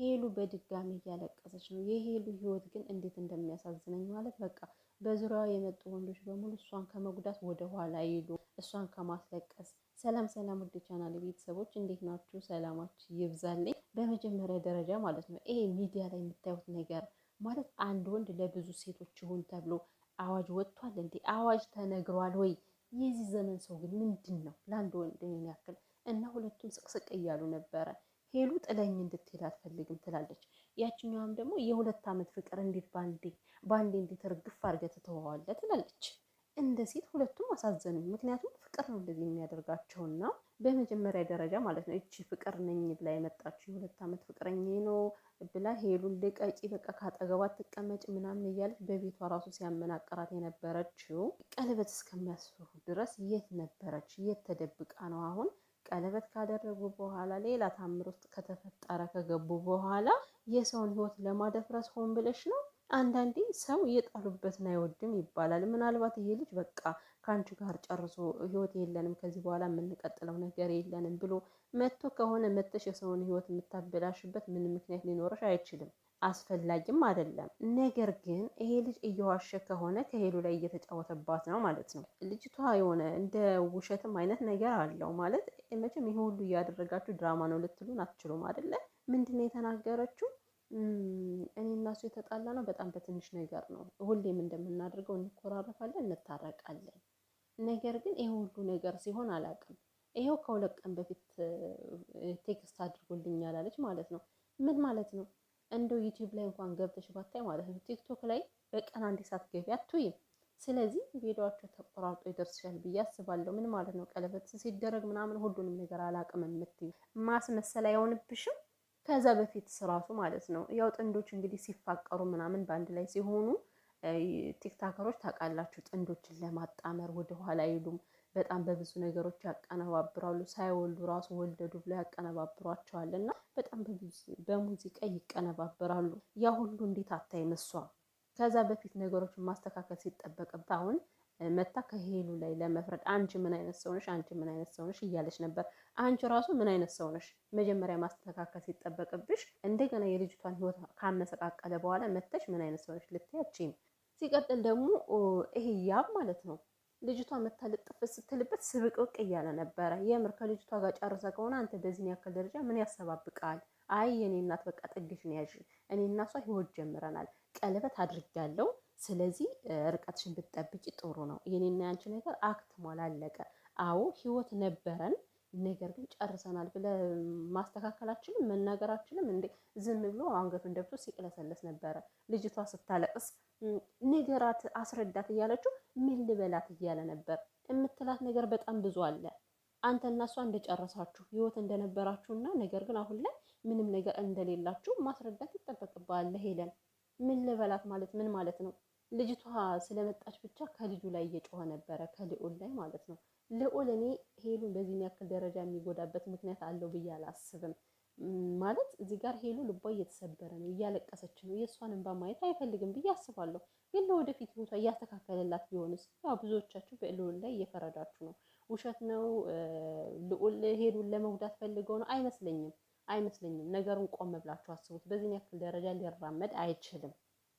ሄሉ በድጋሚ እያለቀሰች ነው። የሄሉ ህይወት ግን እንዴት እንደሚያሳዝነኝ ማለት በቃ በዙሪያዋ የመጡ ወንዶች በሙሉ እሷን ከመጉዳት ወደ ኋላ ይሉ እሷን ከማስለቀስ። ሰላም ሰላም፣ ውድ ቻናል ቤተሰቦች እንዴት ናችሁ? ሰላማችሁ ይብዛልኝ። በመጀመሪያ ደረጃ ማለት ነው ይሄ ሚዲያ ላይ የምታዩት ነገር ማለት አንድ ወንድ ለብዙ ሴቶች ይሁን ተብሎ አዋጅ ወጥቷል እንዴ? አዋጅ ተነግሯል ወይ? የዚህ ዘመን ሰው ግን ምንድን ነው ለአንድ ወንድ ያክል እና ሁለቱም ስቅስቅ እያሉ ነበረ ሄሉ ጥለኝ እንድትሄድ አልፈልግም ትላለች። ያችኛዋም ደግሞ የሁለት ዓመት ፍቅር እንዴት ባንዴ ባንዴ እንዴት ርግፍ አድርገህ ትተዋለህ ትላለች። እንደ ሴት ሁለቱም አሳዘኑኝ። ምክንያቱም ፍቅር ነው እንደዚህ የሚያደርጋቸውና በመጀመሪያ ደረጃ ማለት ነው እቺ ፍቅር ነኝ ብላ የመጣችው የሁለት ዓመት ፍቅረኛ ነው ብላ ሄሉን ልቀቂ፣ በቃ ካጠገባት ትቀመጭ ምናምን እያለች በቤቷ ራሱ ሲያመናቀራት የነበረችው ቀለበት እስከሚያስፈሩ ድረስ የት ነበረች? የት ተደብቃ ነው አሁን ቀለበት ካደረጉ በኋላ ሌላ ታምር ውስጥ ከተፈጠረ ከገቡ በኋላ የሰውን ህይወት ለማደፍረስ ሆን ብለሽ ነው። አንዳንዴ ሰው እየጣሉበትን አይወድም ይባላል። ምናልባት ይሄ ልጅ በቃ ከአንቺ ጋር ጨርሶ ህይወት የለንም ከዚህ በኋላ የምንቀጥለው ነገር የለንም ብሎ መጥቶ ከሆነ መጥተሽ የሰውን ህይወት የምታበላሽበት ምን ምክንያት ሊኖረሽ አይችልም። አስፈላጊም አይደለም። ነገር ግን ይሄ ልጅ እየዋሸ ከሆነ ከሄሉ ላይ እየተጫወተባት ነው ማለት ነው። ልጅቷ የሆነ እንደ ውሸትም አይነት ነገር አለው ማለት መቼም ይሄ ሁሉ እያደረጋችሁ ድራማ ነው ልትሉን አትችሉም አይደለ? ምንድነው የተናገረችው? እኔ እና እሱ የተጣላ ነው በጣም በትንሽ ነገር ነው። ሁሌም እንደምናደርገው እንኮራረፋለን፣ እንታረቃለን። ነገር ግን ይሄ ሁሉ ነገር ሲሆን አላውቅም። ይሄው ከሁለት ቀን በፊት ቴክስት አድርጎልኛል አለች ማለት ነው። ምን ማለት ነው? እንደው ዩቲዩብ ላይ እንኳን ገብተሽ ባታይ ማለት ነው ቲክቶክ ላይ በቀን አንድ ሰዓት ገቢ አትይም። ስለዚህ ቪዲዮቸው ተቆራርጦ ይደርስሻል ብዬ አስባለሁ። ምን ማለት ነው ቀለበት ሲደረግ ምናምን ሁሉንም ነገር አላቅም የምትይው ማስመሰል አይሆንብሽም። ከዛ በፊት ስራቱ ማለት ነው ያው ጥንዶች እንግዲህ ሲፋቀሩ ምናምን በአንድ ላይ ሲሆኑ ቲክታከሮች ታውቃላችሁ፣ ጥንዶችን ለማጣመር ወደኋላ አይሉም። በጣም በብዙ ነገሮች ያቀነባብራሉ። ሳይወልዱ ራሱ ወለዱ ብሎ ያቀነባብሯቸዋል እና በጣም በሙዚቃ ይቀነባብራሉ? ያ ሁሉ እንዴት አታይም እሷ ከዛ በፊት ነገሮችን ማስተካከል ሲጠበቅበት አሁን መታ ከሄሉ ላይ ለመፍረድ አንቺ ምን አይነት ሰውነሽ? አንቺ ምን አይነት ሰውነሽ እያለች ነበር። አንቺ ራሱ ምን አይነት ሰውነሽ? መጀመሪያ ማስተካከል ሲጠበቅብሽ እንደገና የልጅቷን ሕይወት ካመሰቃቀለ በኋላ መተሽ ምን አይነት ሰውነሽ ልትያችም። ሲቀጥል ደግሞ ይሄ ያብ ማለት ነው ልጅቷ መታለጥፍ ስትልበት ስብቅብቅ እያለ ነበረ። የምር ከልጅቷ ጋር ጨርሰ ከሆነ አንተ በዚህን ያክል ደረጃ ምን ያሰባብቃል? አይ የኔ እናት በቃ ነው ያዥ። እኔ እናሷ ህይወት ጀምረናል። ቀለበት አድርጊያለሁ። ስለዚህ ርቀትሽን ብትጠብቂ ጥሩ ነው። የኔና ያንቺ ነገር አክትሟል፣ አለቀ። አዎ ህይወት ነበረን ነገር ግን ጨርሰናል ብለ ማስተካከላችንም መናገራችንም እንዴ ዝም ብሎ አንገቱን ደብቶ ሲቅለሰለስ ነበረ። ልጅቷ ስታለቅስ ንገራት፣ አስረዳት እያለችው ምን ልበላት እያለ ነበር። የምትላት ነገር በጣም ብዙ አለ። አንተ እሷ እንደጨረሳችሁ ህይወት እንደነበራችሁና ነገር ግን አሁን ላይ ምንም ነገር እንደሌላችሁ ማስረዳት ይጠበቅባል። ሄለን። ምን ልበላት ማለት ምን ማለት ነው? ልጅቷ ስለመጣች ብቻ ከልጁ ላይ እየጮኸ ነበረ፣ ከልዑል ላይ ማለት ነው። ልዑል እኔ ሄሉን በዚህ ያክል ደረጃ የሚጎዳበት ምክንያት አለው ብዬ አላስብም። ማለት እዚህ ጋር ሄሉ ልቧ እየተሰበረ ነው፣ እያለቀሰች ነው። የእሷን እንባ ማየት አይፈልግም ብዬ አስባለሁ። ግን ለወደፊት ህይወቷ እያስተካከለላት ቢሆንስ? ያው ብዙዎቻችሁ በልዑል ላይ እየፈረዳችሁ ነው። ውሸት ነው። ልዑል ሄሉን ለመጉዳት ፈልገው ነው አይመስለኝም፣ አይመስለኝም። ነገሩን ቆም ብላችሁ አስቡት። በዚህ ያክል ደረጃ ሊራመድ አይችልም።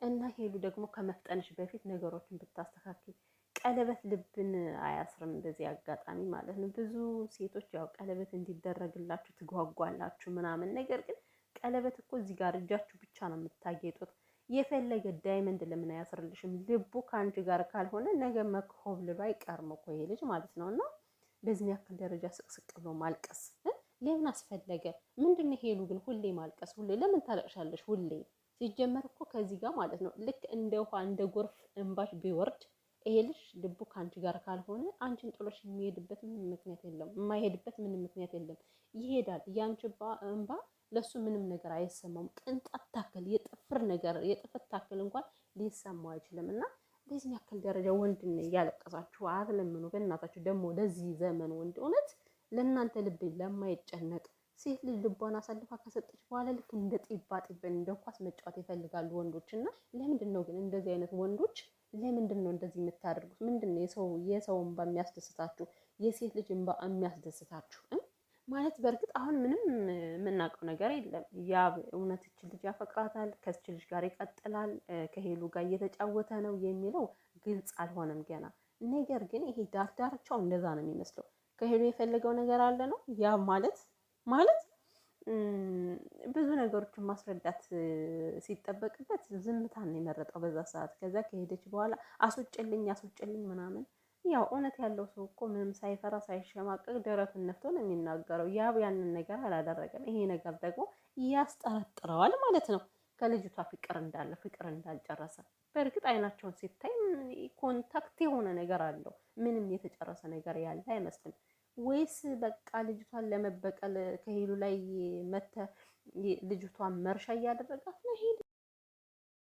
እና ሄሉ ደግሞ ከመፍጠንሽ በፊት ነገሮችን ብታስተካክል ቀለበት ልብን አያስርም። በዚህ አጋጣሚ ማለት ነው ብዙ ሴቶች ያው ቀለበት እንዲደረግላችሁ ትጓጓላችሁ ምናምን፣ ነገር ግን ቀለበት እኮ እዚህ ጋር እጃችሁ ብቻ ነው የምታጌጡት። የፈለገ ዳይመንድ ለምን አያስርልሽም? ልቡ ከአንቺ ጋር ካልሆነ ነገ መኮብ ልሎ አይቀርም እኮ ይሄ ልጅ ማለት ነው። እና በዚህ ያክል ደረጃ ስቅስቅ ብሎ ማልቀስ ለምን አስፈለገ? ምንድን ሄሉ ግን ሁሌ ማልቀስ ሁሌ ለምን ታለቅሻለሽ? ሁሌ ሲጀመር እኮ ከዚህ ጋር ማለት ነው ልክ እንደ ውሃ እንደ ጎርፍ እንባሽ ቢወርድ ይሄ ልጅ ልቡ ከአንቺ ጋር ካልሆነ አንቺን ጥሎሽ የሚሄድበት ምንም ምክንያት የለም፣ የማይሄድበት ምንም ምክንያት የለም። ይሄዳል። ያንቺ እንባ ለሱ ምንም ነገር አይሰማውም። ቅንጣት ታክል የጥፍር ነገር የጥፍር ታክል እንኳን ሊሰማው አይችልም። እና በዚህ ያክል ደረጃ ወንድን እያለቀሳችሁ አትለምኑ በእናታችሁ። ደግሞ ለዚህ ዘመን ወንድ እውነት ለእናንተ ልብ ለማይጨነቅ ሴት ልጅ ልቧን አሳልፋ ከሰጠች በኋላ ልክ እንደ ጢባ ጢበን እንደ ኳስ መጫወት ይፈልጋሉ ወንዶች። እና ለምንድን ነው ግን እንደዚህ አይነት ወንዶች ለምንድን ነው እንደዚህ የምታደርጉት? ምንድን ነው የሰው የሰው እንባ የሚያስደስታችሁ? የሴት ልጅ እንባ የሚያስደስታችሁ ማለት በእርግጥ አሁን ምንም የምናውቀው ነገር የለም። ያ እውነት እች ልጅ ያፈቅራታል፣ ከስች ልጅ ጋር ይቀጥላል፣ ከሄሉ ጋር እየተጫወተ ነው የሚለው ግልጽ አልሆነም ገና። ነገር ግን ይሄ ዳርዳርቻው እንደዛ ነው የሚመስለው። ከሄሉ የፈለገው ነገር አለ ነው ያ ማለት ማለት ብዙ ነገሮችን ማስረዳት ሲጠበቅበት ዝምታን የመረጠው በዛ ሰዓት። ከዛ ከሄደች በኋላ አስወጭልኝ አስወጭልኝ ምናምን ያው እውነት ያለው ሰው እኮ ምንም ሳይፈራ ሳይሸማቀቅ ደረቱን ነፍቶ ነው የሚናገረው። ያብ ያንን ነገር አላደረገም። ይሄ ነገር ደግሞ ያስጠረጥረዋል ማለት ነው ከልጅቷ ፍቅር እንዳለ ፍቅር እንዳልጨረሰ። በእርግጥ አይናቸውን ሲታይ ኮንታክት የሆነ ነገር አለው። ምንም የተጨረሰ ነገር ያለ አይመስልም። ወይስ በቃ ልጅቷን ለመበቀል ከሄሉ ላይ መተ ልጅቷን መርሻ እያደረጋት ነው?